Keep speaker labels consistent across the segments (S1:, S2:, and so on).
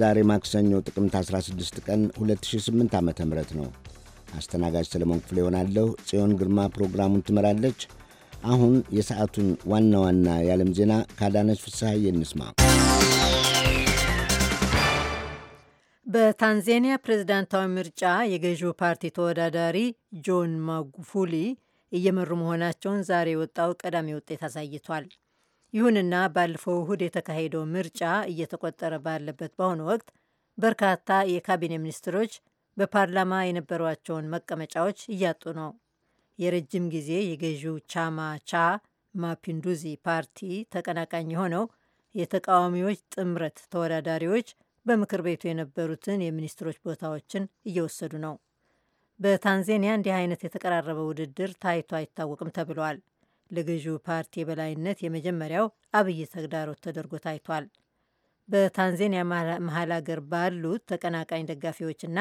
S1: ዛሬ ማክሰኞ ጥቅምት 16 ቀን 2008 ዓ ም ነው። አስተናጋጅ ሰለሞን ክፍሌ ይሆናለሁ። ጽዮን ግርማ ፕሮግራሙን ትመራለች። አሁን የሰዓቱን ዋና ዋና የዓለም ዜና ካዳነች ፍስሐዬ እንስማ።
S2: በታንዛኒያ ፕሬዝዳንታዊ ምርጫ የገዢው ፓርቲ ተወዳዳሪ ጆን ማጉፉሊ እየመሩ መሆናቸውን ዛሬ የወጣው ቀዳሚ ውጤት አሳይቷል። ይሁንና ባለፈው እሁድ የተካሄደው ምርጫ እየተቆጠረ ባለበት በአሁኑ ወቅት በርካታ የካቢኔ ሚኒስትሮች በፓርላማ የነበሯቸውን መቀመጫዎች እያጡ ነው። የረጅም ጊዜ የገዢው ቻማ ቻ ማፒንዱዚ ፓርቲ ተቀናቃኝ የሆነው የተቃዋሚዎች ጥምረት ተወዳዳሪዎች በምክር ቤቱ የነበሩትን የሚኒስትሮች ቦታዎችን እየወሰዱ ነው። በታንዜኒያ እንዲህ አይነት የተቀራረበ ውድድር ታይቶ አይታወቅም ተብሏል። ለገዢው ፓርቲ የበላይነት የመጀመሪያው አብይ ተግዳሮት ተደርጎ ታይቷል። በታንዜኒያ መሀል አገር ባሉት ተቀናቃኝ ደጋፊዎችና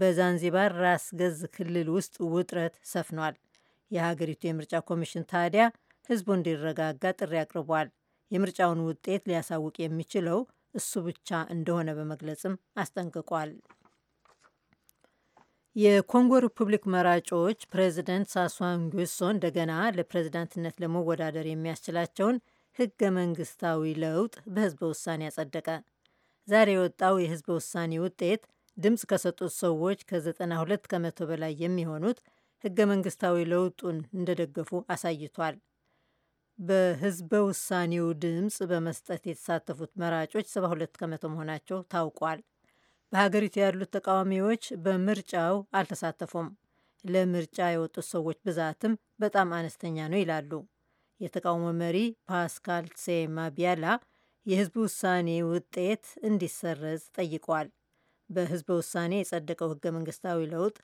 S2: በዛንዚባር ራስ ገዝ ክልል ውስጥ ውጥረት ሰፍኗል። የሀገሪቱ የምርጫ ኮሚሽን ታዲያ ህዝቡ እንዲረጋጋ ጥሪ አቅርቧል። የምርጫውን ውጤት ሊያሳውቅ የሚችለው እሱ ብቻ እንደሆነ በመግለጽም አስጠንቅቋል። የኮንጎ ሪፑብሊክ መራጮች ፕሬዚደንት ሳሷን ጉሶ እንደገና ለፕሬዚዳንትነት ለመወዳደር የሚያስችላቸውን ህገ መንግስታዊ ለውጥ በህዝበ ውሳኔ አጸደቀ። ዛሬ የወጣው የህዝበ ውሳኔ ውጤት ድምፅ ከሰጡት ሰዎች ከ92 ከመቶ በላይ የሚሆኑት ህገ መንግስታዊ ለውጡን እንደደገፉ አሳይቷል። በህዝበ ውሳኔው ድምፅ በመስጠት የተሳተፉት መራጮች 72 ከመቶ መሆናቸው ታውቋል። በሀገሪቱ ያሉት ተቃዋሚዎች በምርጫው አልተሳተፉም፣ ለምርጫ የወጡት ሰዎች ብዛትም በጣም አነስተኛ ነው ይላሉ። የተቃውሞ መሪ ፓስካል ሴማ ቢያላ የህዝብ ውሳኔ ውጤት እንዲሰረዝ ጠይቋል። በህዝበ ውሳኔ የጸደቀው ህገ መንግስታዊ ለውጥ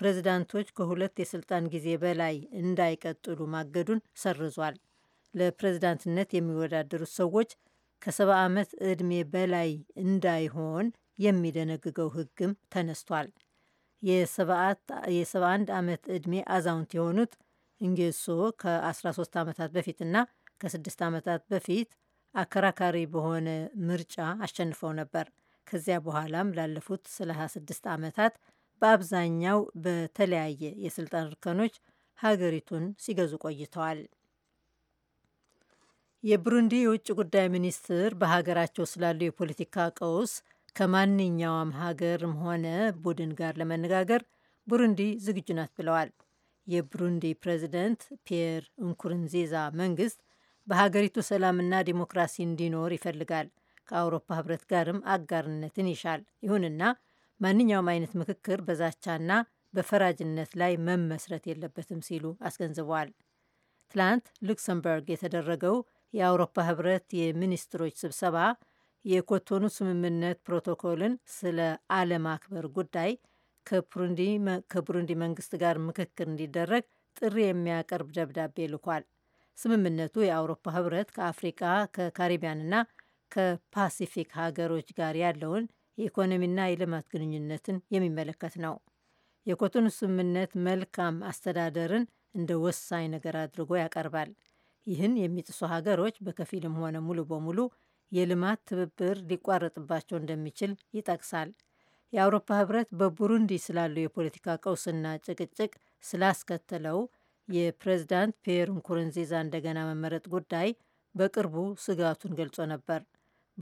S2: ፕሬዚዳንቶች ከሁለት የስልጣን ጊዜ በላይ እንዳይቀጥሉ ማገዱን ሰርዟል። ለፕሬዚዳንትነት የሚወዳደሩት ሰዎች ከሰባ ዓመት ዕድሜ በላይ እንዳይሆን የሚደነግገው ህግም ተነስቷል። የ71 ዓመት ዕድሜ አዛውንት የሆኑት እንጌሶ ከ13 ዓመታት በፊትና ከ6 ዓመታት በፊት አከራካሪ በሆነ ምርጫ አሸንፈው ነበር። ከዚያ በኋላም ላለፉት 36 ዓመታት በአብዛኛው በተለያየ የስልጣን እርከኖች ሀገሪቱን ሲገዙ ቆይተዋል። የብሩንዲ የውጭ ጉዳይ ሚኒስትር በሀገራቸው ስላሉ የፖለቲካ ቀውስ ከማንኛውም ሀገርም ሆነ ቡድን ጋር ለመነጋገር ቡሩንዲ ዝግጁ ናት ብለዋል። የቡሩንዲ ፕሬዚደንት ፒየር እንኩርንዚዛ መንግስት በሀገሪቱ ሰላምና ዲሞክራሲ እንዲኖር ይፈልጋል። ከአውሮፓ ህብረት ጋርም አጋርነትን ይሻል። ይሁንና ማንኛውም አይነት ምክክር በዛቻና በፈራጅነት ላይ መመስረት የለበትም ሲሉ አስገንዝበዋል። ትላንት ሉክሰምበርግ የተደረገው የአውሮፓ ህብረት የሚኒስትሮች ስብሰባ የኮቶኑ ስምምነት ፕሮቶኮልን ስለ አለማክበር ጉዳይ ከቡሩንዲ መንግስት ጋር ምክክር እንዲደረግ ጥሪ የሚያቀርብ ደብዳቤ ልኳል። ስምምነቱ የአውሮፓ ህብረት ከአፍሪቃ ከካሪቢያንና ከፓሲፊክ ሀገሮች ጋር ያለውን የኢኮኖሚና የልማት ግንኙነትን የሚመለከት ነው። የኮቶኑ ስምምነት መልካም አስተዳደርን እንደ ወሳኝ ነገር አድርጎ ያቀርባል። ይህን የሚጥሱ ሀገሮች በከፊልም ሆነ ሙሉ በሙሉ የልማት ትብብር ሊቋረጥባቸው እንደሚችል ይጠቅሳል። የአውሮፓ ህብረት በቡሩንዲ ስላለው የፖለቲካ ቀውስና ጭቅጭቅ ስላስከተለው የፕሬዝዳንት ፒየር ንኩሩንዚዛ እንደገና መመረጥ ጉዳይ በቅርቡ ስጋቱን ገልጾ ነበር።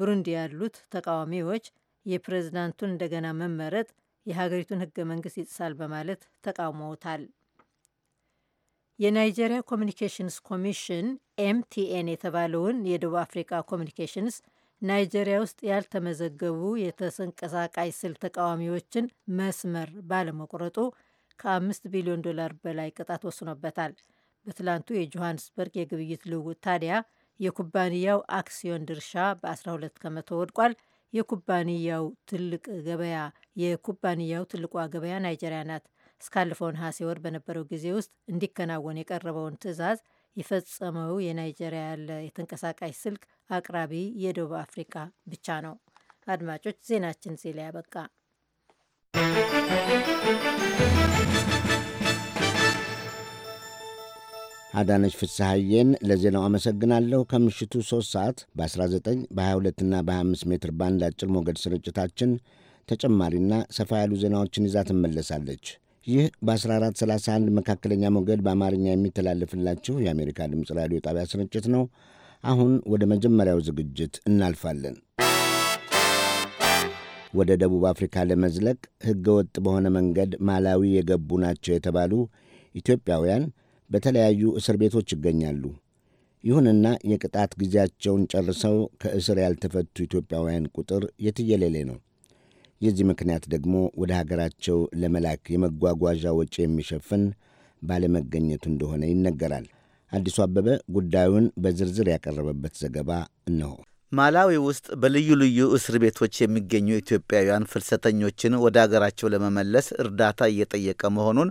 S2: ቡሩንዲ ያሉት ተቃዋሚዎች የፕሬዝዳንቱን እንደገና መመረጥ የሀገሪቱን ህገ መንግስት ይጥሳል በማለት ተቃውመውታል። የናይጄሪያ ኮሚኒኬሽንስ ኮሚሽን ኤምቲኤን የተባለውን የደቡብ አፍሪካ ኮሚኒኬሽንስ ናይጄሪያ ውስጥ ያልተመዘገቡ የተንቀሳቃሽ ስልክ ተቃዋሚዎችን መስመር ባለመቁረጡ ከአምስት ቢሊዮን ዶላር በላይ ቅጣት ወስኖበታል። በትላንቱ የጆሃንስበርግ የግብይት ልውውጥ ታዲያ የኩባንያው አክሲዮን ድርሻ በ12 ከመቶ ወድቋል። የኩባንያው ትልቅ ገበያ የኩባንያው ትልቋ ገበያ ናይጄሪያ ናት። እስካለፈው ነሐሴ ወር በነበረው ጊዜ ውስጥ እንዲከናወን የቀረበውን ትዕዛዝ የፈጸመው የናይጄሪያ ያለ የተንቀሳቃሽ ስልክ አቅራቢ የደቡብ አፍሪካ ብቻ ነው። አድማጮች ዜናችን ዜላ ያበቃ።
S1: አዳነች ፍስሐዬን ለዜናው አመሰግናለሁ። ከምሽቱ 3 ሰዓት በ19 በ22ና በ25 ሜትር ባንድ አጭር ሞገድ ስርጭታችን ተጨማሪና ሰፋ ያሉ ዜናዎችን ይዛ ትመለሳለች። ይህ በ1431 መካከለኛ ሞገድ በአማርኛ የሚተላለፍላችሁ የአሜሪካ ድምፅ ራዲዮ ጣቢያ ስርጭት ነው። አሁን ወደ መጀመሪያው ዝግጅት እናልፋለን። ወደ ደቡብ አፍሪካ ለመዝለቅ ወጥ በሆነ መንገድ ማላዊ የገቡ ናቸው የተባሉ ኢትዮጵያውያን በተለያዩ እስር ቤቶች ይገኛሉ። ይሁንና የቅጣት ጊዜያቸውን ጨርሰው ከእስር ያልተፈቱ ኢትዮጵያውያን ቁጥር የትየሌሌ ነው። የዚህ ምክንያት ደግሞ ወደ ሀገራቸው ለመላክ የመጓጓዣ ወጪ የሚሸፍን ባለመገኘቱ እንደሆነ ይነገራል። አዲሱ አበበ ጉዳዩን በዝርዝር ያቀረበበት ዘገባ እነሆ።
S3: ማላዊ ውስጥ በልዩ ልዩ እስር ቤቶች የሚገኙ ኢትዮጵያውያን ፍልሰተኞችን ወደ አገራቸው ለመመለስ እርዳታ እየጠየቀ መሆኑን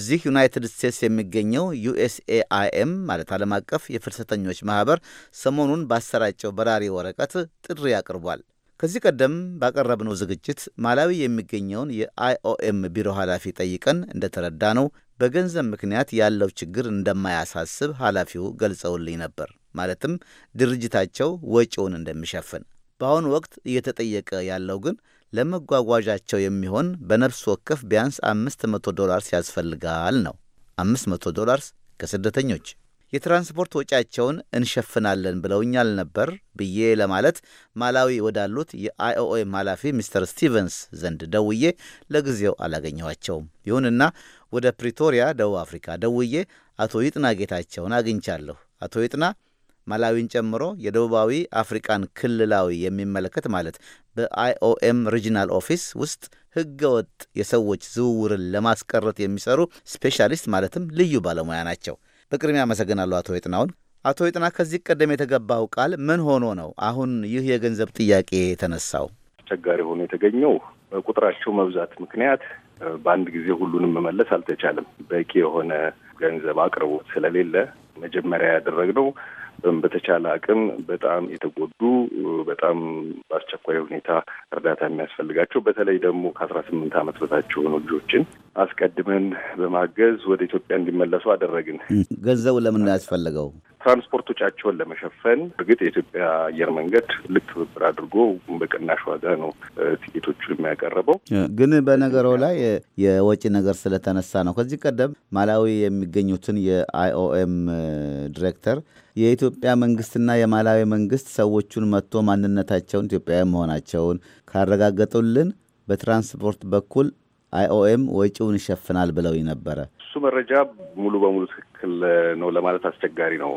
S3: እዚህ ዩናይትድ ስቴትስ የሚገኘው ዩኤስኤአይኤም ማለት ዓለም አቀፍ የፍልሰተኞች ማኅበር ሰሞኑን ባሰራጨው በራሪ ወረቀት ጥሪ አቅርቧል። ከዚህ ቀደም ባቀረብነው ዝግጅት ማላዊ የሚገኘውን የአይኦኤም ቢሮ ኃላፊ ጠይቀን እንደተረዳ ነው በገንዘብ ምክንያት ያለው ችግር እንደማያሳስብ ኃላፊው ገልጸውልኝ ነበር። ማለትም ድርጅታቸው ወጪውን እንደሚሸፍን። በአሁኑ ወቅት እየተጠየቀ ያለው ግን ለመጓጓዣቸው የሚሆን በነፍስ ወከፍ ቢያንስ አምስት መቶ ዶላርስ ያስፈልጋል ነው። መቶ ዶላርስ ከስደተኞች የትራንስፖርት ወጪያቸውን እንሸፍናለን ብለውኛል ነበር ብዬ ለማለት ማላዊ ወዳሉት የአይኦኤም ኃላፊ ሚስተር ስቲቨንስ ዘንድ ደውዬ ለጊዜው አላገኘኋቸውም። ይሁንና ወደ ፕሪቶሪያ ደቡብ አፍሪካ ደውዬ አቶ ይጥና ጌታቸውን አግኝቻለሁ። አቶ ይጥና ማላዊን ጨምሮ የደቡባዊ አፍሪቃን ክልላዊ የሚመለከት ማለት በአይኦኤም ሪጂናል ኦፊስ ውስጥ ወጥ የሰዎች ዝውውርን ለማስቀረት የሚሰሩ ስፔሻሊስት ማለትም ልዩ ባለሙያ ናቸው። በቅድሚያ አመሰግናለሁ አቶ የጥናውን። አቶ የጥና ከዚህ ቀደም የተገባው ቃል ምን ሆኖ ነው አሁን ይህ የገንዘብ ጥያቄ የተነሳው?
S4: አስቸጋሪ ሆኖ የተገኘው በቁጥራቸው መብዛት ምክንያት በአንድ ጊዜ ሁሉንም መመለስ አልተቻለም። በቂ የሆነ ገንዘብ አቅርቦት ስለሌለ መጀመሪያ ያደረግነው በተቻለ አቅም በጣም የተጎዱ በጣም በአስቸኳይ ሁኔታ እርዳታ የሚያስፈልጋቸው በተለይ ደግሞ ከአስራ ስምንት ዓመት በታች የሆኑ ልጆችን አስቀድመን በማገዝ ወደ ኢትዮጵያ እንዲመለሱ አደረግን።
S3: ገንዘቡ ለምን ያስፈልገው?
S4: ትራንስፖርት ወጪያቸውን ለመሸፈን እርግጥ የኢትዮጵያ አየር መንገድ ልክ ትብብር አድርጎ በቅናሽ ዋጋ ነው ትኬቶቹን
S3: የሚያቀርበው። ግን በነገረው ላይ የወጪ ነገር ስለተነሳ ነው። ከዚህ ቀደም ማላዊ የሚገኙትን የአይኦኤም ዲሬክተር የኢትዮጵያ መንግስትና የማላዊ መንግስት ሰዎቹን መጥቶ ማንነታቸውን ኢትዮጵያዊ መሆናቸውን ካረጋገጡልን በትራንስፖርት በኩል አይኦኤም ወጪውን ይሸፍናል ብለው ነበረ።
S4: እሱ መረጃ ሙሉ በሙሉ ትክክል ነው ለማለት አስቸጋሪ ነው።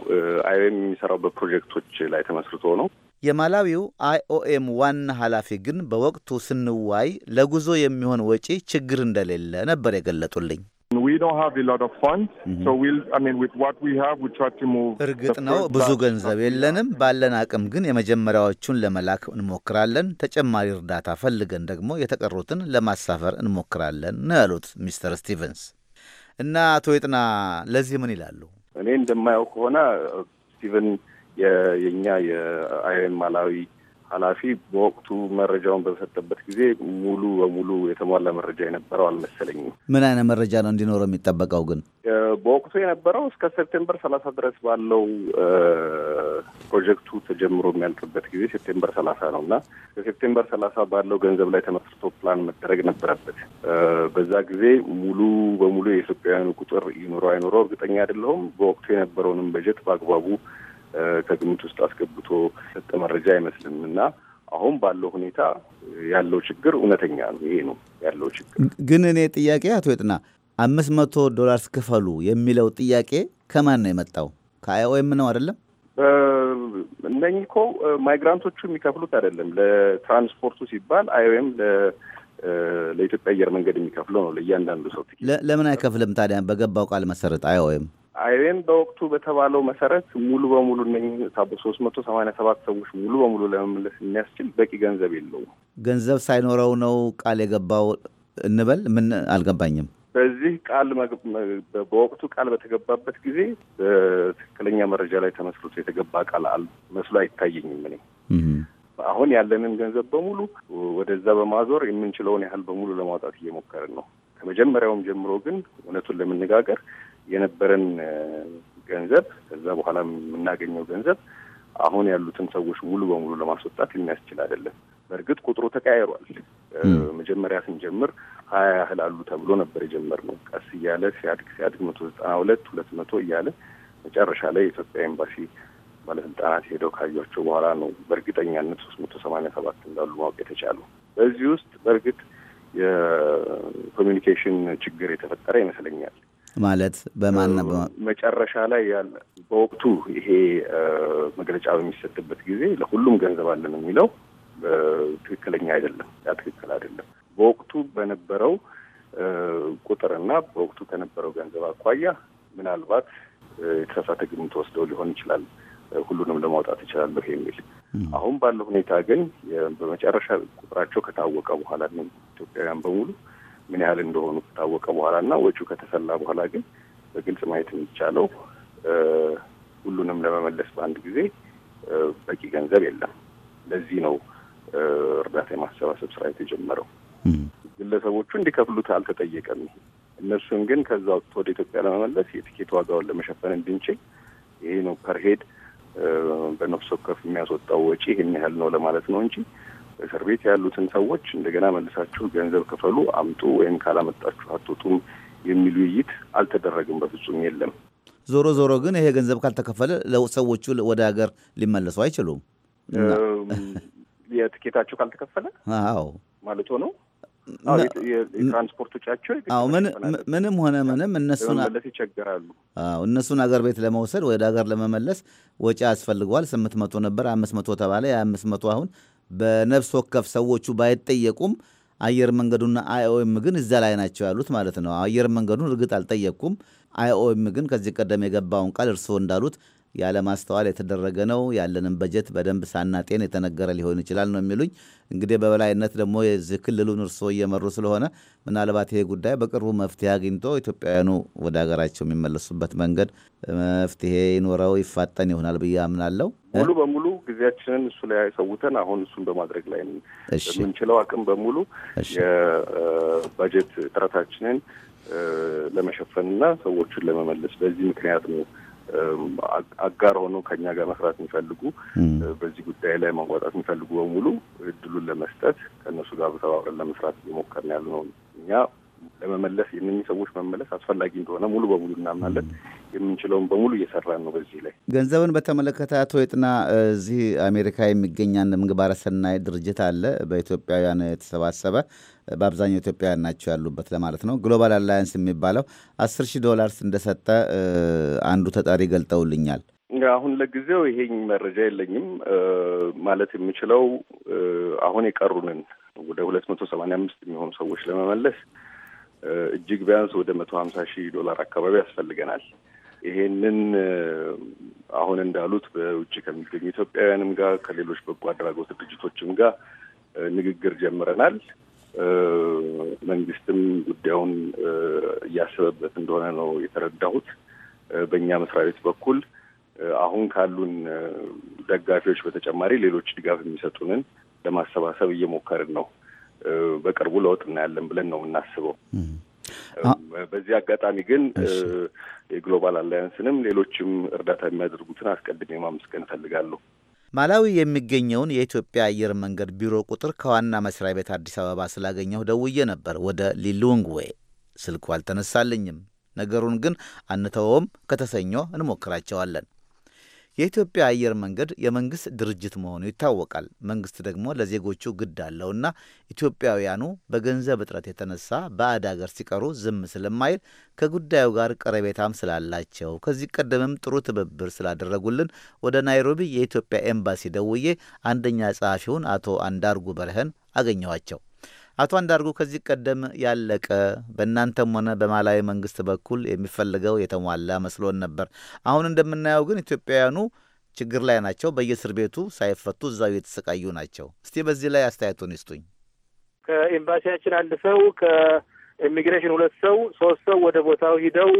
S4: አይኦኤም የሚሰራው በፕሮጀክቶች ላይ ተመስርቶ ነው።
S3: የማላዊው አይኦኤም ዋና ኃላፊ ግን በወቅቱ ስንዋይ ለጉዞ የሚሆን ወጪ ችግር እንደሌለ ነበር የገለጡልኝ።
S4: እርግጥ ነው ብዙ
S3: ገንዘብ የለንም። ባለን አቅም ግን የመጀመሪያዎቹን ለመላክ እንሞክራለን። ተጨማሪ እርዳታ ፈልገን ደግሞ የተቀሩትን ለማሳፈር እንሞክራለን ነው ያሉት ሚስተር ስቲቨንስ። እና አቶ የጥና ለዚህ ምን ይላሉ?
S4: እኔ እንደማየው ከሆነ ስቲቨን የእኛ የአይን ማላዊ ኃላፊ በወቅቱ መረጃውን በሰጠበት ጊዜ ሙሉ በሙሉ የተሟላ መረጃ የነበረው አልመሰለኝም።
S3: ምን አይነት መረጃ ነው እንዲኖረው የሚጠበቀው? ግን
S4: በወቅቱ የነበረው እስከ ሴፕቴምበር ሰላሳ ድረስ ባለው ፕሮጀክቱ ተጀምሮ የሚያልቅበት ጊዜ ሴፕቴምበር ሰላሳ ነው እና ከሴፕቴምበር ሰላሳ ባለው ገንዘብ ላይ ተመስርቶ ፕላን መደረግ ነበረበት። በዛ ጊዜ ሙሉ በሙሉ የኢትዮጵያውያኑ ቁጥር ይኑረው አይኑረው እርግጠኛ አይደለሁም። በወቅቱ የነበረውንም በጀት በአግባቡ ከግምት ውስጥ አስገብቶ ሰጠ መረጃ አይመስልም እና አሁን ባለው ሁኔታ ያለው ችግር እውነተኛ ነው። ይሄ ነው ያለው ችግር።
S3: ግን እኔ ጥያቄ አቶ የጥና አምስት መቶ ዶላር ስክፈሉ የሚለው ጥያቄ ከማን ነው የመጣው? ከአይኦኤም ነው አይደለም?
S4: እነኚህ እኮ ማይግራንቶቹ የሚከፍሉት አይደለም። ለትራንስፖርቱ ሲባል አይኦኤም ለኢትዮጵያ አየር መንገድ የሚከፍለው ነው። ለእያንዳንዱ ሰው
S3: ለምን አይከፍልም ታዲያ? በገባው ቃል መሰረት አይኦኤም
S4: አይሬን በወቅቱ በተባለው መሰረት ሙሉ በሙሉ እነኝህ ሶስት መቶ ሰማኒያ ሰባት ሰዎች ሙሉ በሙሉ ለመመለስ የሚያስችል በቂ ገንዘብ የለውም።
S3: ገንዘብ ሳይኖረው ነው ቃል የገባው እንበል። ምን አልገባኝም።
S4: በዚህ ቃል በወቅቱ ቃል በተገባበት ጊዜ በትክክለኛ መረጃ ላይ ተመስርቶ የተገባ ቃል መስሎ አይታየኝም። እኔ አሁን ያለንን ገንዘብ በሙሉ ወደዛ በማዞር የምንችለውን ያህል በሙሉ ለማውጣት እየሞከርን ነው። ከመጀመሪያውም ጀምሮ ግን እውነቱን ለመነጋገር የነበረን ገንዘብ ከዛ በኋላ የምናገኘው ገንዘብ አሁን ያሉትን ሰዎች ሙሉ በሙሉ ለማስወጣት የሚያስችል አይደለም። በእርግጥ ቁጥሩ ተቀያይሯል። መጀመሪያ ስንጀምር ሀያ ያህል አሉ ተብሎ ነበር የጀመርነው። ቀስ እያለ ሲያድግ ሲያድግ መቶ ዘጠና ሁለት ሁለት መቶ እያለ መጨረሻ ላይ የኢትዮጵያ ኤምባሲ ባለስልጣናት ሄደው ካዩቸው በኋላ ነው በእርግጠኛነት ሶስት መቶ ሰማኒያ ሰባት እንዳሉ ማወቅ የተቻሉ። በዚህ ውስጥ በእርግጥ የኮሚኒኬሽን ችግር የተፈጠረ ይመስለኛል።
S3: ማለት በማን
S4: መጨረሻ ላይ ያለ በወቅቱ ይሄ መግለጫ በሚሰጥበት ጊዜ ለሁሉም ገንዘብ አለን የሚለው ትክክለኛ አይደለም። ያ ትክክል አይደለም። በወቅቱ በነበረው ቁጥርና በወቅቱ ከነበረው ገንዘብ አኳያ ምናልባት የተሳሳተ ግምት ወስደው ሊሆን ይችላል። ሁሉንም ለማውጣት እችላለሁ የሚል አሁን ባለው ሁኔታ ግን በመጨረሻ ቁጥራቸው ከታወቀ በኋላ ኢትዮጵያውያን በሙሉ ምን ያህል እንደሆኑ ከታወቀ በኋላ እና ወጪው ከተሰላ በኋላ ግን በግልጽ ማየት የሚቻለው ሁሉንም ለመመለስ በአንድ ጊዜ በቂ ገንዘብ የለም። ለዚህ ነው እርዳታ የማሰባሰብ ስራ የተጀመረው። ግለሰቦቹ እንዲከፍሉት አልተጠየቀም። እነሱን ግን ከዛ ወጥቶ ወደ ኢትዮጵያ ለመመለስ የትኬት ዋጋውን ለመሸፈን እንድንችል ይሄ ነው ፐርሄድ በነፍስ ወከፍ የሚያስወጣው ወጪ ይህን ያህል ነው ለማለት ነው እንጂ እስር ቤት ያሉትን ሰዎች እንደገና መልሳችሁ ገንዘብ ክፈሉ አምጡ፣ ወይም ካላመጣችሁ አትወጡም የሚል ውይይት አልተደረግም። በፍጹም የለም።
S3: ዞሮ ዞሮ ግን ይሄ ገንዘብ ካልተከፈለ ሰዎቹ ወደ ሀገር ሊመለሱ አይችሉም።
S4: የትኬታቸው ካልተከፈለ አዎ ማለት
S5: ነው።
S3: የትራንስፖርት ምንም ሆነ ምንም እነሱን ይቸገራሉ። እነሱን አገር ቤት ለመውሰድ ወደ ሀገር ለመመለስ ወጪ ያስፈልገዋል። ስምንት መቶ ነበር አምስት መቶ ተባለ። የአምስት መቶ አሁን በነፍስ ወከፍ ሰዎቹ ባይጠየቁም አየር መንገዱና አይኦኤም ግን እዛ ላይ ናቸው ያሉት ማለት ነው። አየር መንገዱን እርግጥ አልጠየቅኩም። አይኦኤም ግን ከዚህ ቀደም የገባውን ቃል እርስዎ እንዳሉት ያለማስተዋል የተደረገ ነው፣ ያለንን በጀት በደንብ ሳናጤን የተነገረ ሊሆን ይችላል ነው የሚሉኝ። እንግዲህ በበላይነት ደግሞ የዚህ ክልሉን እርስዎ እየመሩ ስለሆነ ምናልባት ይሄ ጉዳይ በቅርቡ መፍትሄ አግኝቶ ኢትዮጵያውያኑ ወደ ሀገራቸው የሚመለሱበት መንገድ መፍትሄ ይኖረው ይፋጠን ይሆናል ብዬ አምናለሁ። ሙሉ
S4: በሙሉ ጊዜያችንን እሱ ላይ ሰውተን አሁን እሱን በማድረግ ላይ የምንችለው አቅም በሙሉ የባጀት እጥረታችንን ለመሸፈንና ሰዎቹን ለመመለስ በዚህ ምክንያት ነው አጋር ሆኖ ከኛ ጋር መስራት የሚፈልጉ በዚህ ጉዳይ ላይ ማንቋጣት የሚፈልጉ በሙሉ እድሉን ለመስጠት ከእነሱ ጋር ተባብረን ለመስራት እየሞከርን ያሉ ነው። እኛ ለመመለስ የእነኝህ ሰዎች መመለስ አስፈላጊ እንደሆነ ሙሉ በሙሉ እናምናለን። የምንችለውን በሙሉ እየሰራን ነው። በዚህ ላይ
S3: ገንዘብን በተመለከተ አቶ የጥና እዚህ አሜሪካ የሚገኝ አንድ ምግባረ ሰናይ ድርጅት አለ በኢትዮጵያውያን የተሰባሰበ በአብዛኛው ኢትዮጵያውያን ናቸው ያሉበት ለማለት ነው። ግሎባል አላያንስ የሚባለው አስር ሺህ ዶላርስ እንደሰጠ አንዱ ተጠሪ ገልጠውልኛል።
S4: አሁን ለጊዜው ይሄኝ መረጃ የለኝም ማለት የምችለው አሁን የቀሩንን ወደ ሁለት መቶ ሰማንያ አምስት የሚሆኑ ሰዎች ለመመለስ እጅግ ቢያንስ ወደ መቶ ሀምሳ ሺህ ዶላር አካባቢ ያስፈልገናል። ይሄንን አሁን እንዳሉት በውጭ ከሚገኙ ኢትዮጵያውያንም ጋር ከሌሎች በጎ አድራጎት ድርጅቶችም ጋር ንግግር ጀምረናል። መንግስትም ጉዳዩን እያሰበበት እንደሆነ ነው የተረዳሁት። በእኛ መስሪያ ቤት በኩል አሁን ካሉን ደጋፊዎች በተጨማሪ ሌሎች ድጋፍ የሚሰጡንን ለማሰባሰብ እየሞከርን ነው። በቅርቡ ለውጥ እናያለን ብለን ነው የምናስበው። በዚህ አጋጣሚ ግን የግሎባል አላያንስንም ሌሎችም እርዳታ የሚያደርጉትን አስቀድሜ ማመስገን እፈልጋለሁ።
S3: ማላዊ የሚገኘውን የኢትዮጵያ አየር መንገድ ቢሮ ቁጥር ከዋና መስሪያ ቤት አዲስ አበባ ስላገኘሁ ደውዬ ነበር ወደ ሊሉንግዌ። ስልኩ አልተነሳልኝም። ነገሩን ግን አንተወውም፣ ከተሰኞ እንሞክራቸዋለን። የኢትዮጵያ አየር መንገድ የመንግስት ድርጅት መሆኑ ይታወቃል። መንግስት ደግሞ ለዜጎቹ ግድ አለውና ኢትዮጵያውያኑ በገንዘብ እጥረት የተነሳ በአድ አገር ሲቀሩ ዝም ስለማይል ከጉዳዩ ጋር ቀረቤታም ስላላቸው ከዚህ ቀደምም ጥሩ ትብብር ስላደረጉልን ወደ ናይሮቢ የኢትዮጵያ ኤምባሲ ደውዬ አንደኛ ጸሐፊውን አቶ አንዳርጉ በርህን አገኘኋቸው። አቶ አንዳርጉ ከዚህ ቀደም ያለቀ በእናንተም ሆነ በማላዊ መንግስት በኩል የሚፈልገው የተሟላ መስሎን ነበር። አሁን እንደምናየው ግን ኢትዮጵያውያኑ ችግር ላይ ናቸው። በየእስር ቤቱ ሳይፈቱ እዛው የተሰቃዩ ናቸው። እስቲ በዚህ ላይ አስተያየቱን ይስጡኝ።
S5: ከኤምባሲያችን አንድ ሰው ከኢሚግሬሽን ሁለት ሰው ሶስት ሰው ወደ ቦታው ሂደው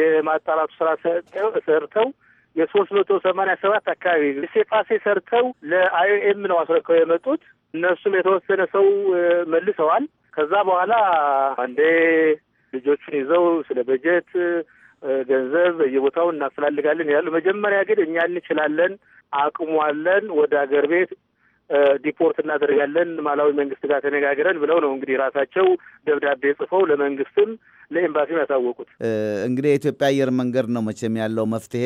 S5: የማጣራቱ ስራ ሰርተው የሶስት መቶ ሰማንያ ሰባት አካባቢ ሴፋሴ ሰርተው ለአይኦኤም ነው አስረከው የመጡት። እነሱም የተወሰነ ሰው መልሰዋል። ከዛ በኋላ አንዴ ልጆቹን ይዘው ስለ በጀት ገንዘብ በየቦታው እናፈላልጋለን ያሉ መጀመሪያ ግን እኛ እንችላለን፣ አቅሟለን፣ ወደ አገር ቤት ዲፖርት እናደርጋለን ማላዊ መንግስት ጋር ተነጋግረን ብለው ነው እንግዲህ ራሳቸው ደብዳቤ ጽፈው ለመንግስትም ለኤምባሲም ያሳወቁት።
S3: እንግዲህ የኢትዮጵያ አየር መንገድ ነው መቼም ያለው መፍትሄ።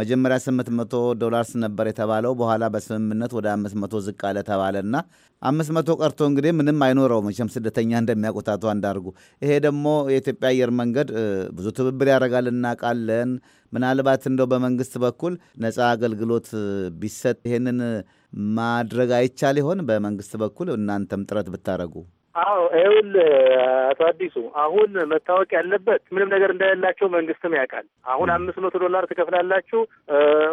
S3: መጀመሪያ ስምንት መቶ ዶላርስ ነበር የተባለው። በኋላ በስምምነት ወደ አምስት መቶ ዝቅ አለ ተባለና አምስት መቶ ቀርቶ እንግዲህ ምንም አይኖረው መቼም ስደተኛ እንደሚያውቁት አቶ አንዳርጉ። ይሄ ደግሞ የኢትዮጵያ አየር መንገድ ብዙ ትብብር ያደርጋል እናውቃለን። ምናልባት እንደው በመንግስት በኩል ነፃ አገልግሎት ቢሰጥ ይሄንን ማድረግ አይቻል ይሆን? በመንግስት በኩል እናንተም ጥረት ብታደረጉ።
S5: አዎ ይሁን አቶ አዲሱ፣ አሁን መታወቅ ያለበት ምንም ነገር እንደሌላቸው መንግስትም ያውቃል። አሁን አምስት መቶ ዶላር ትከፍላላችሁ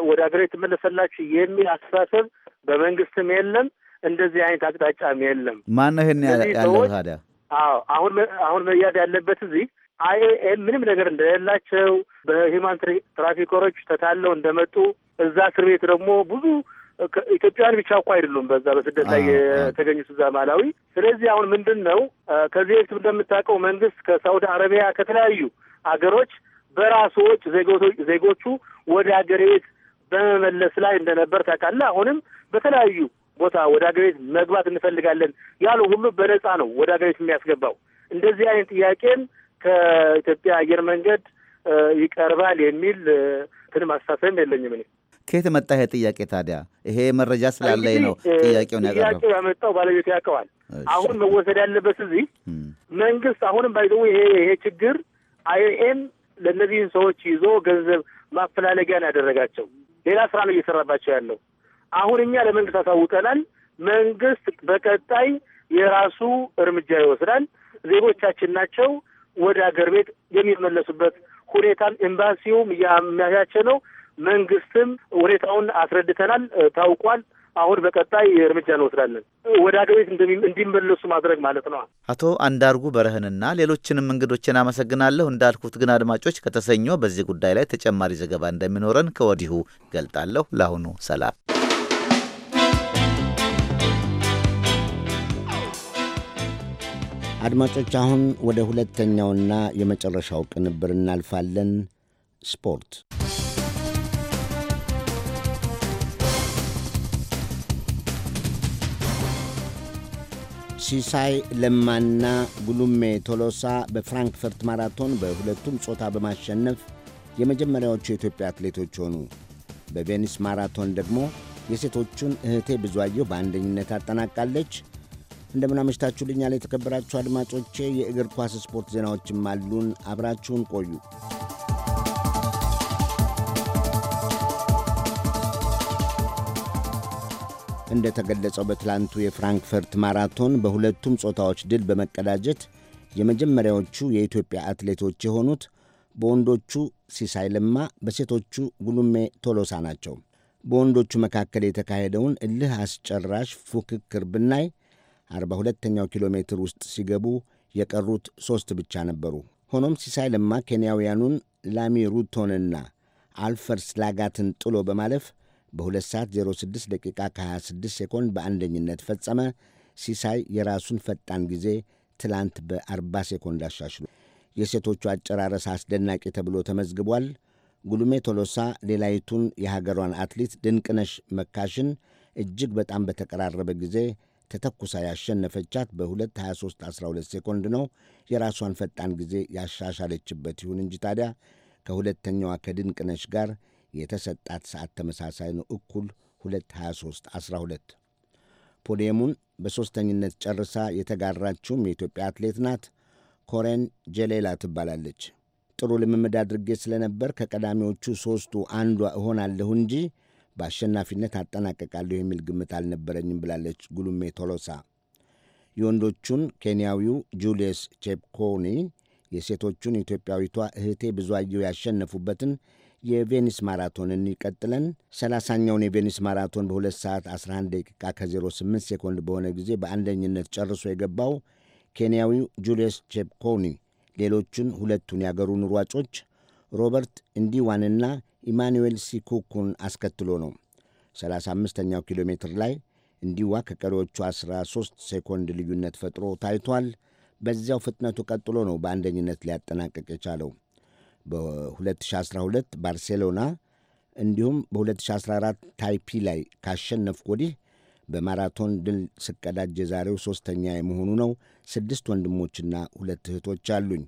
S5: ወደ ሀገሬ ትመለሰላችሁ የሚል አስተሳሰብ በመንግስትም የለም። እንደዚህ አይነት አቅጣጫም የለም።
S3: ማን ነው ያለው ታዲያ?
S5: አዎ አሁን አሁን መያዝ ያለበት እዚህ አይኤም ምንም ነገር እንደሌላቸው በሂማን ትራፊከሮች ተታለው እንደመጡ እዛ እስር ቤት ደግሞ ብዙ ኢትዮጵያውያን ብቻ እኮ አይደሉም በዛ በስደት ላይ የተገኙት እዛ ማላዊ። ስለዚህ አሁን ምንድን ነው ከዚህ በፊት እንደምታውቀው መንግስት ከሳውዲ አረቢያ ከተለያዩ አገሮች በራሶች ዜጎቹ ወደ አገር ቤት በመመለስ ላይ እንደነበር ታውቃለህ። አሁንም በተለያዩ ቦታ ወደ አገር ቤት መግባት እንፈልጋለን ያሉ ሁሉ በነፃ ነው ወደ አገር ቤት የሚያስገባው። እንደዚህ አይነት ጥያቄም ከኢትዮጵያ አየር መንገድ ይቀርባል የሚል ትንም አስተሳሰብም የለኝም እኔ።
S3: ከየት መጣ ይሄ ጥያቄ ታዲያ? ይሄ መረጃ ስላለኝ ነው ጥያቄውን ያቀረበው።
S5: ያመጣው ባለቤቱ ያውቀዋል። አሁን መወሰድ ያለበት እዚህ መንግስት አሁንም ባይዘው ይሄ ይሄ ችግር አይኤም ለእነዚህን ሰዎች ይዞ ገንዘብ ማፈላለጊያን ያደረጋቸው ሌላ ስራ ነው እየሰራባቸው ያለው። አሁን እኛ ለመንግስት አሳውቀናል። መንግስት በቀጣይ የራሱ እርምጃ ይወስዳል። ዜጎቻችን ናቸው ወደ ሀገር ቤት የሚመለሱበት ሁኔታም ኤምባሲውም እያመቻቸ ነው። መንግስትም ሁኔታውን አስረድተናል፣ ታውቋል። አሁን በቀጣይ እርምጃ እንወስዳለን። ወደ ሀገር ቤት እንዲመለሱ ማድረግ ማለት ነው።
S3: አቶ አንዳርጉ በረህንና ሌሎችንም እንግዶችን አመሰግናለሁ። እንዳልኩት ግን አድማጮች፣ ከተሰኞ በዚህ ጉዳይ ላይ ተጨማሪ ዘገባ እንደሚኖረን ከወዲሁ ገልጣለሁ። ለአሁኑ ሰላም።
S1: አድማጮች፣ አሁን ወደ ሁለተኛውና የመጨረሻው ቅንብር እናልፋለን። ስፖርት ሲሳይ ለማና ጉሉሜ ቶሎሳ በፍራንክፈርት ማራቶን በሁለቱም ጾታ በማሸነፍ የመጀመሪያዎቹ የኢትዮጵያ አትሌቶች ሆኑ። በቬኒስ ማራቶን ደግሞ የሴቶቹን እህቴ ብዙአየሁ በአንደኝነት አጠናቃለች። እንደምናመሽታችሁልኛል የተከበራችሁ አድማጮቼ፣ የእግር ኳስ ስፖርት ዜናዎችም አሉን። አብራችሁን ቆዩ። እንደተገለጸው በትላንቱ የፍራንክፈርት ማራቶን በሁለቱም ጾታዎች ድል በመቀዳጀት የመጀመሪያዎቹ የኢትዮጵያ አትሌቶች የሆኑት በወንዶቹ ሲሳይ ለማ፣ በሴቶቹ ጉሉሜ ቶሎሳ ናቸው። በወንዶቹ መካከል የተካሄደውን እልህ አስጨራሽ ፉክክር ብናይ 42ኛው ኪሎ ሜትር ውስጥ ሲገቡ የቀሩት ሦስት ብቻ ነበሩ። ሆኖም ሲሳይ ለማ ኬንያውያኑን ላሚ ሩቶንና አልፈርስ ላጋትን ጥሎ በማለፍ በ2 ሰዓት 06 ደቂቃ ከ26 ሴኮንድ በአንደኝነት ፈጸመ። ሲሳይ የራሱን ፈጣን ጊዜ ትላንት በ40 ሴኮንድ አሻሽሉ። የሴቶቹ አጨራረስ አስደናቂ ተብሎ ተመዝግቧል። ጉሉሜ ቶሎሳ ሌላዪቱን የሀገሯን አትሌት ድንቅነሽ መካሽን እጅግ በጣም በተቀራረበ ጊዜ ተተኩሳ ያሸነፈቻት በ 12 ሴኮንድ ነው። የራሷን ፈጣን ጊዜ ያሻሻለችበት ይሁን እንጂ ታዲያ ከሁለተኛዋ ከድንቅነሽ ጋር የተሰጣት ሰዓት ተመሳሳይ ነው፣ እኩል 223 12 ፖዲየሙን በሦስተኝነት ጨርሳ የተጋራችውም የኢትዮጵያ አትሌት ናት። ኮሬን ጀሌላ ትባላለች። ጥሩ ልምምድ አድርጌ ስለነበር ከቀዳሚዎቹ ሦስቱ አንዷ እሆናለሁ እንጂ በአሸናፊነት አጠናቀቃለሁ የሚል ግምት አልነበረኝም ብላለች ጉሉሜ ቶሎሳ። የወንዶቹን ኬንያዊው ጁልየስ ቼፕኮኒ፣ የሴቶቹን ኢትዮጵያዊቷ እህቴ ብዙአየው ያሸነፉበትን የቬኒስ ማራቶንን ይቀጥለን። 30ኛውን የቬኒስ ማራቶን በ2 ሰዓት 11 ደቂቃ ከ08 ሴኮንድ በሆነ ጊዜ በአንደኝነት ጨርሶ የገባው ኬንያዊው ጁልየስ ቼፕኮኒ ሌሎቹን ሁለቱን ያገሩን ሯጮች ሮበርት እንዲዋንና ኢማኑዌል ሲኩኩን አስከትሎ ነው። 35ኛው ኪሎ ሜትር ላይ እንዲዋ ከቀሪዎቹ 13 ሴኮንድ ልዩነት ፈጥሮ ታይቷል። በዚያው ፍጥነቱ ቀጥሎ ነው በአንደኝነት ሊያጠናቀቅ የቻለው። በ2012 ባርሴሎና እንዲሁም በ2014 ታይፒ ላይ ካሸነፍኩ ወዲህ በማራቶን ድል ስቀዳጅ የዛሬው ሦስተኛ የመሆኑ ነው። ስድስት ወንድሞችና ሁለት እህቶች አሉኝ።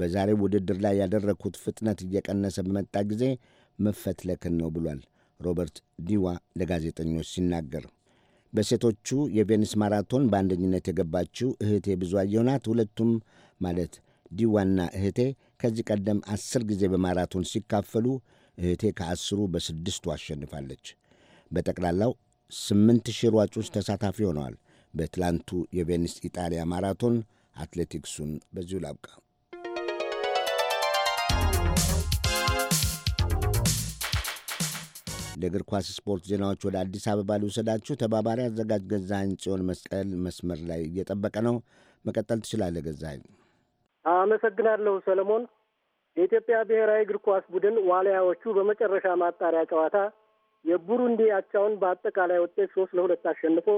S1: በዛሬው ውድድር ላይ ያደረግኩት ፍጥነት እየቀነሰ በመጣ ጊዜ መፈትለክን ነው ብሏል ሮበርት ዲዋ ለጋዜጠኞች ሲናገር። በሴቶቹ የቬኒስ ማራቶን በአንደኝነት የገባችው እህቴ ብዙ ናት። ሁለቱም ማለት ዲዋና እህቴ ከዚህ ቀደም አስር ጊዜ በማራቶን ሲካፈሉ እህቴ ከአስሩ በስድስቱ አሸንፋለች። በጠቅላላው ስምንት ሺህ ሯጮች ተሳታፊ ሆነዋል። በትላንቱ የቬኒስ ኢጣሊያ ማራቶን አትሌቲክሱን በዚሁ ላብቃ። ለእግር ኳስ ስፖርት ዜናዎች ወደ አዲስ አበባ ሊወሰዳችሁ ተባባሪ አዘጋጅ ገዛኸኝ ጽዮን መስቀል መስመር ላይ እየጠበቀ ነው። መቀጠል ትችላለህ ገዛኸኝ።
S6: አመሰግናለሁ ሰለሞን። የኢትዮጵያ ብሔራዊ እግር ኳስ ቡድን ዋልያዎቹ በመጨረሻ ማጣሪያ ጨዋታ የቡሩንዲ አቻውን በአጠቃላይ ውጤት ሶስት ለሁለት አሸንፎ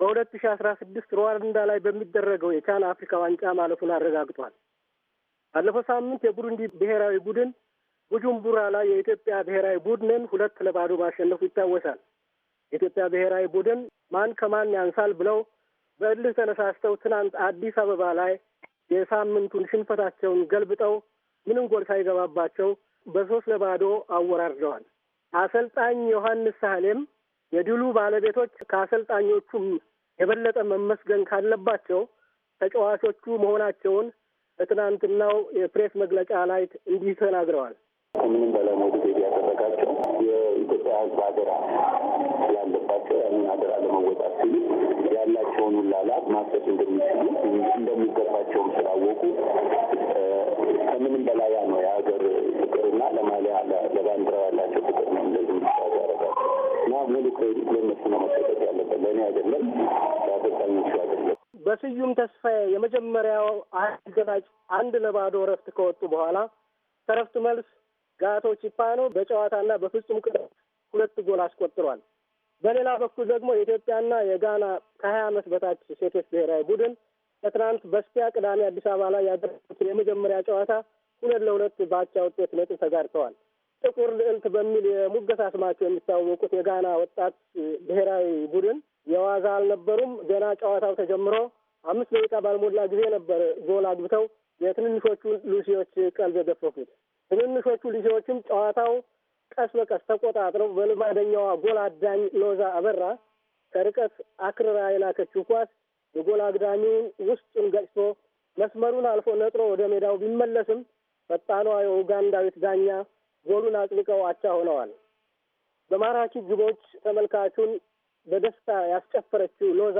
S6: በሁለት ሺ አስራ ስድስት ሩዋንዳ ላይ በሚደረገው የቻን አፍሪካ ዋንጫ ማለፉን አረጋግጧል። ባለፈው ሳምንት የቡሩንዲ ብሔራዊ ቡድን ቡጁምቡራ ላይ የኢትዮጵያ ብሔራዊ ቡድንን ሁለት ለባዶ ማሸነፉ ይታወሳል። የኢትዮጵያ ብሔራዊ ቡድን ማን ከማን ያንሳል ብለው በእልህ ተነሳስተው ትናንት አዲስ አበባ ላይ የሳምንቱን ሽንፈታቸውን ገልብጠው ምንም ጎል ሳይገባባቸው በሶስት ለባዶ አወራርደዋል። አሰልጣኝ ዮሐንስ ሳህሌም የድሉ ባለቤቶች ከአሰልጣኞቹም የበለጠ መመስገን ካለባቸው ተጫዋቾቹ መሆናቸውን በትናንትናው የፕሬስ መግለጫ ላይ እንዲህ ተናግረዋል።
S4: ከምንም በላይ ሞቲቬት ያደረጋቸው የኢትዮጵያ ሕዝብ ሀገራ ስላለባቸው ያንን ሀገራ ለመወጣት ሲሉ ያላቸውን ውላላ ማሰብ እንደሚችሉ እንደሚገባቸውም ስላወቁ ከምንም በላይ ያ ነው የሀገር ፍቅርና ለማሊያ ለባንዲራ ያላቸው ፍቅር ነው እንደዚህ ሚሳት ያደረጋል እና ሙሉ ክሬዲት
S6: ለነሱ ነው መሰጠት
S4: ያለበት፣ ለእኔ አይደለም፣
S6: ለአሰልጣኞቹ አይደለም። በስዩም ተስፋዬ የመጀመሪያው አገናጭ አንድ ለባዶ እረፍት ከወጡ በኋላ ከእረፍት መልስ ጋቶ ቺፓኖ በጨዋታና በፍጹም ቅጣት ሁለት ጎል አስቆጥሯል። በሌላ በኩል ደግሞ የኢትዮጵያና የጋና ከሀያ ዓመት በታች ሴቶች ብሔራዊ ቡድን ከትናንት በስቲያ ቅዳሜ አዲስ አበባ ላይ ያደረጉትን የመጀመሪያ ጨዋታ ሁለት ለሁለት በአቻ ውጤት ነጥብ ተጋርተዋል። ጥቁር ልዕልት በሚል የሙገሳ ስማቸው የሚታወቁት የጋና ወጣት ብሔራዊ ቡድን የዋዛ አልነበሩም። ገና ጨዋታው ተጀምሮ አምስት ደቂቃ ባልሞላ ጊዜ ነበር ጎል አግብተው የትንንሾቹ ሉሲዎች ቀልብ የገፈፉት። ትንንሾቹ ሉሲዎችም ጨዋታው ቀስ በቀስ ተቆጣጥረው በልማደኛዋ ጎል አዳኝ ሎዛ አበራ ከርቀት አክርራ የላከችው ኳስ የጎል አግዳሚውን ውስጡን ገጭቶ መስመሩን አልፎ ነጥሮ ወደ ሜዳው ቢመለስም ፈጣኗ የኡጋንዳዊት ዳኛ ጎሉን አጥብቀው አቻ ሆነዋል። በማራኪ ግቦች ተመልካቹን በደስታ ያስጨፈረችው ሎዛ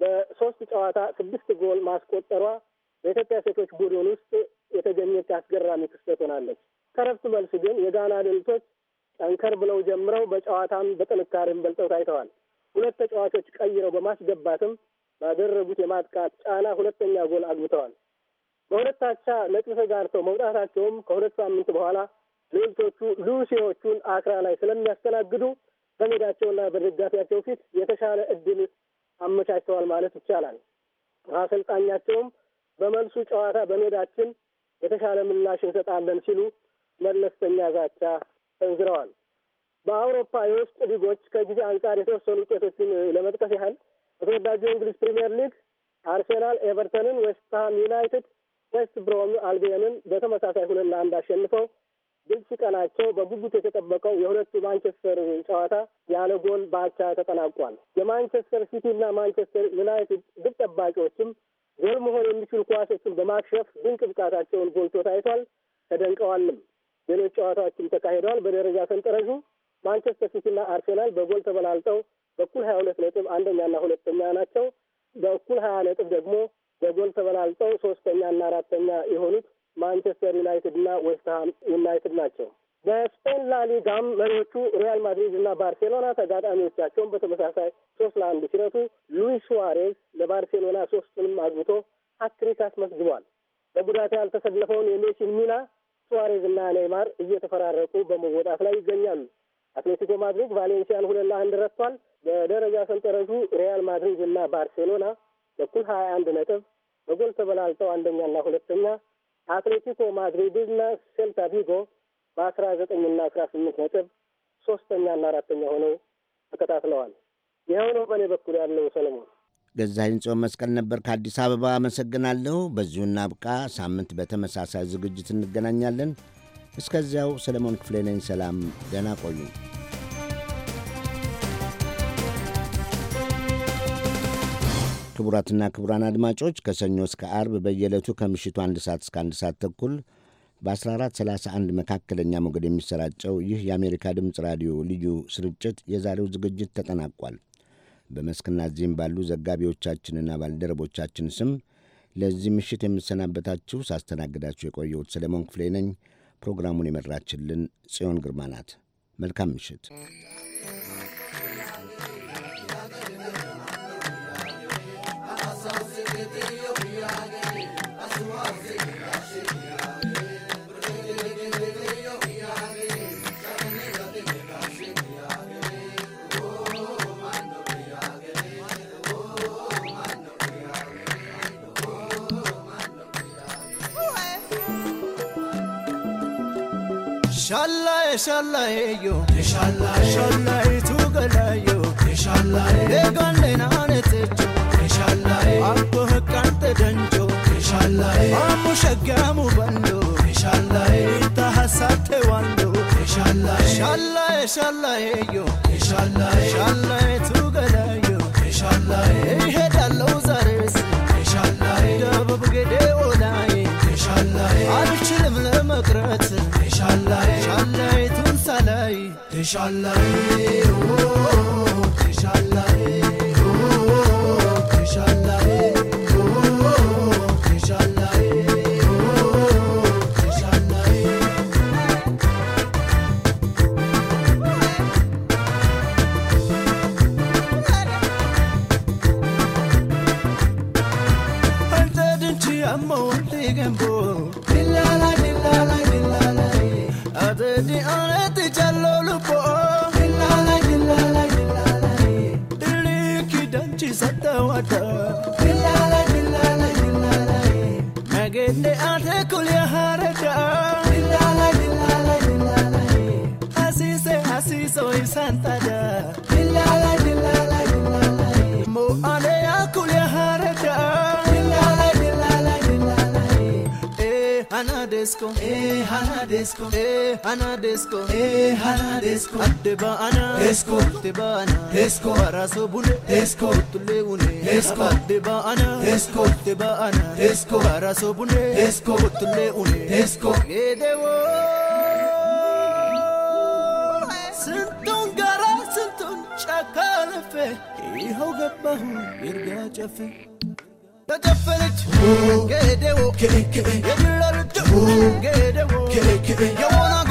S6: በሶስት ጨዋታ ስድስት ጎል ማስቆጠሯ በኢትዮጵያ ሴቶች ቡድን ውስጥ የተገኘች አስገራሚ ክስተት ሆናለች። ከረፍት መልስ ግን የጋና ድልቶች ጠንከር ብለው ጀምረው በጨዋታም በጥንካሬም በልጠው ታይተዋል። ሁለት ተጫዋቾች ቀይረው በማስገባትም ባደረጉት የማጥቃት ጫና ሁለተኛ ጎል አግብተዋል። በሁለት አቻ ነጥብ ተጋርተው መውጣታቸውም ከሁለት ሳምንት በኋላ ሌልቶቹ ሉሲዎቹን አክራ ላይ ስለሚያስተናግዱ በሜዳቸውና በደጋፊያቸው ፊት የተሻለ እድል አመቻችተዋል ማለት ይቻላል። አሰልጣኛቸውም በመልሱ ጨዋታ በሜዳችን የተሻለ ምላሽ እንሰጣለን ሲሉ መለስተኛ ዛቻ ሰንዝረዋል። በአውሮፓ የውስጥ ሊጎች ከጊዜ አንጻር የተወሰኑ ውጤቶችን ለመጥቀስ ያህል ተወዳጁ የእንግሊዝ ፕሪምየር ሊግ አርሴናል ኤቨርተንን፣ ዌስትሃም ዩናይትድ ዌስት ብሮም አልቢዮንን በተመሳሳይ ሁለት ለአንድ አሸንፈው ግልጽ ቀናቸው በጉጉት የተጠበቀው የሁለቱ ማንቸስተር ጨዋታ ያለ ጎል በአቻ ተጠናቋል። የማንቸስተር ሲቲ እና ማንቸስተር ዩናይትድ ግብ ጠባቂዎችም ጎል መሆን የሚችሉ ኳሶችን በማክሸፍ ድንቅ ብቃታቸውን ጎልቶ ታይቷል፣ ተደንቀዋልም። ሌሎች ጨዋታዎችም ተካሂደዋል። በደረጃ ሰንጠረዡ ማንቸስተር ሲቲ እና አርሴናል በጎል ተበላልጠው በኩል ሀያ ሁለት ነጥብ አንደኛና ሁለተኛ ናቸው። በእኩል ሀያ ነጥብ ደግሞ በጎል ተበላልጠው ሶስተኛና አራተኛ የሆኑት ማንቸስተር ዩናይትድ እና ዌስትሃም ዩናይትድ ናቸው። በስፔን ላሊጋም መሪዎቹ ሪያል ማድሪድ እና ባርሴሎና ተጋጣሚዎቻቸውን በተመሳሳይ ሶስት ለአንድ ሲረቱ ሉዊስ ሱዋሬዝ ለባርሴሎና ሶስቱንም አግብቶ ሀትሪክ አስመዝግቧል። በጉዳት ያልተሰለፈውን የሜሲን ሚና ሱዋሬዝ እና ኔይማር እየተፈራረቁ በመወጣት ላይ ይገኛሉ። አትሌቲኮ ማድሪድ ቫሌንሲያን ሁለት ለአንድ ረቷል። በደረጃ ሰንጠረዡ ሪያል ማድሪድ እና ባርሴሎና በኩል ሀያ አንድ ነጥብ በጎል ተበላልጠው አንደኛና ሁለተኛ፣ አትሌቲኮ ማድሪድና ሴልታ ቪጎ በአስራ ዘጠኝና አስራ ስምንት ነጥብ ሶስተኛና አራተኛ ሆነው ተከታትለዋል። ይኸው ነው በእኔ በኩል ያለው። ሰለሞን
S1: ገዛኸኝ ጽዮን መስቀል ነበር ከአዲስ አበባ አመሰግናለሁ። በዚሁ እናብቃ። ሳምንት በተመሳሳይ ዝግጅት እንገናኛለን። እስከዚያው ሰለሞን ክፍሌ ነኝ። ሰላም፣ ደህና ቆዩኝ። ክቡራትና ክቡራን አድማጮች ከሰኞ እስከ አርብ በየዕለቱ ከምሽቱ አንድ ሰዓት እስከ አንድ ሰዓት ተኩል በ1431 መካከለኛ ሞገድ የሚሰራጨው ይህ የአሜሪካ ድምፅ ራዲዮ ልዩ ስርጭት የዛሬው ዝግጅት ተጠናቋል። በመስክና እዚህም ባሉ ዘጋቢዎቻችንና ባልደረቦቻችን ስም ለዚህ ምሽት የምሰናበታችሁ ሳስተናግዳችሁ የቆየሁት ሰለሞን ክፍሌ ነኝ። ፕሮግራሙን የመራችልን ጽዮን ግርማ ናት። መልካም ምሽት።
S7: Ishallayo, Ishallayitu galayo, Egalleen aanetecho, Abbo haqqante dancho, Ammu shaggaamu bando, Itta hassatte wando, Ishallaye, Ishallayeyo, Ishallayitu galayo, Ihedallo zareesi, Dabab gedee oolaaye, Alchilm ለመቅረት Ateş allayı oh. Esco Ehala Esco Adde Baana Esco Adde Baana Esco Araso Bule Esco Tule
S2: Une Esco
S7: Adde Baana Esco Adde Baana Esco Araso Bule Esco Tule Une Esco Edewo ስንቱን ጋራ ስንቱን ጫካ ለፌ ይኸው ገባሁ ይርጋ ጨፌ ተጨፈነች ገደቦ የድላርጀ ገደቦ የወናጎ